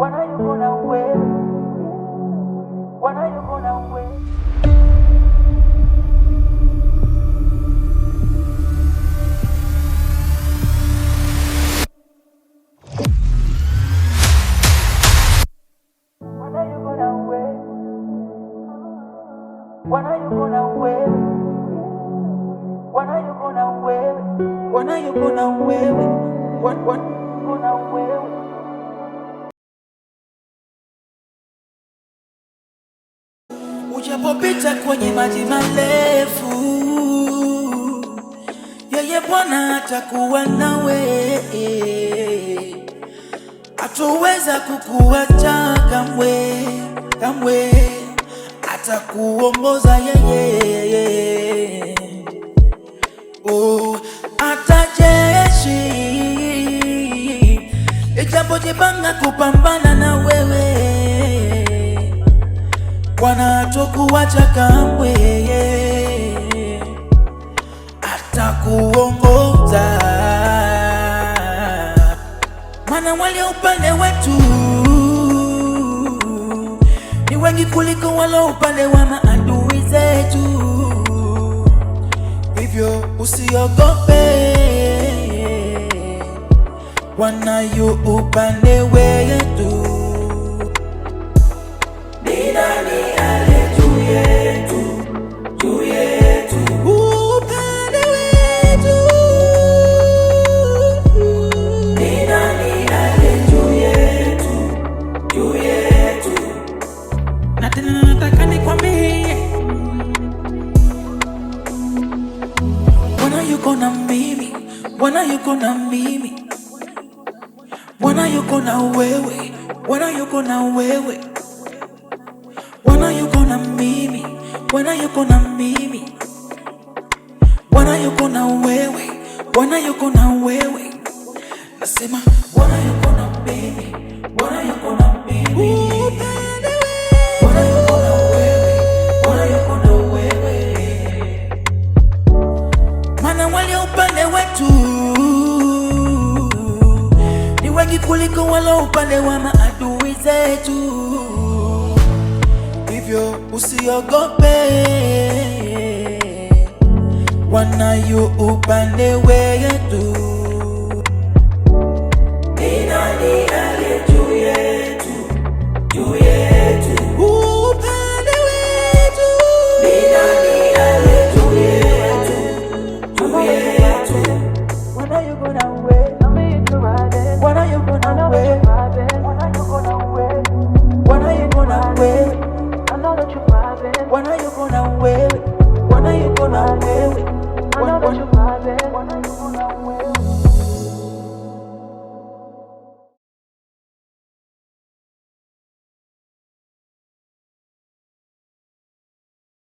Bwana yuko na wewe, Bwana yuko na wewe. Bwana yuko na wewe, Bwana yuko na wewe, Bwana yuko na wewe, Bwana yuko na wewe. Ujapopita kwenye maji marefu, yeye Bwana atakuwa nawe, atoweza kukuacha kamwe, kamwe atakuongoza yeye, oh, hata jeshi itakapojipanga kupambana Bwana hatokuacha kamwe, atakuongoza mana walio upande wetu ni wengi kuliko walio upande wa maadui zetu, hivyo usiogope, Bwana yu upande wetu. Bwana yuko na mimi, Bwana yuko na wewe, Bwana yuko na wewe, Bwana yuko na mimi, Bwana yuko na mimi, Bwana yuko na wewe, Bwana yuko na wewe, nasema Bwana yuko na mimi, Bwana yuko na mimi Mana wale upande wetu kuliko wala upande wa maadui zetu, hivyo usiogope, wanayo upande wetu. gonna live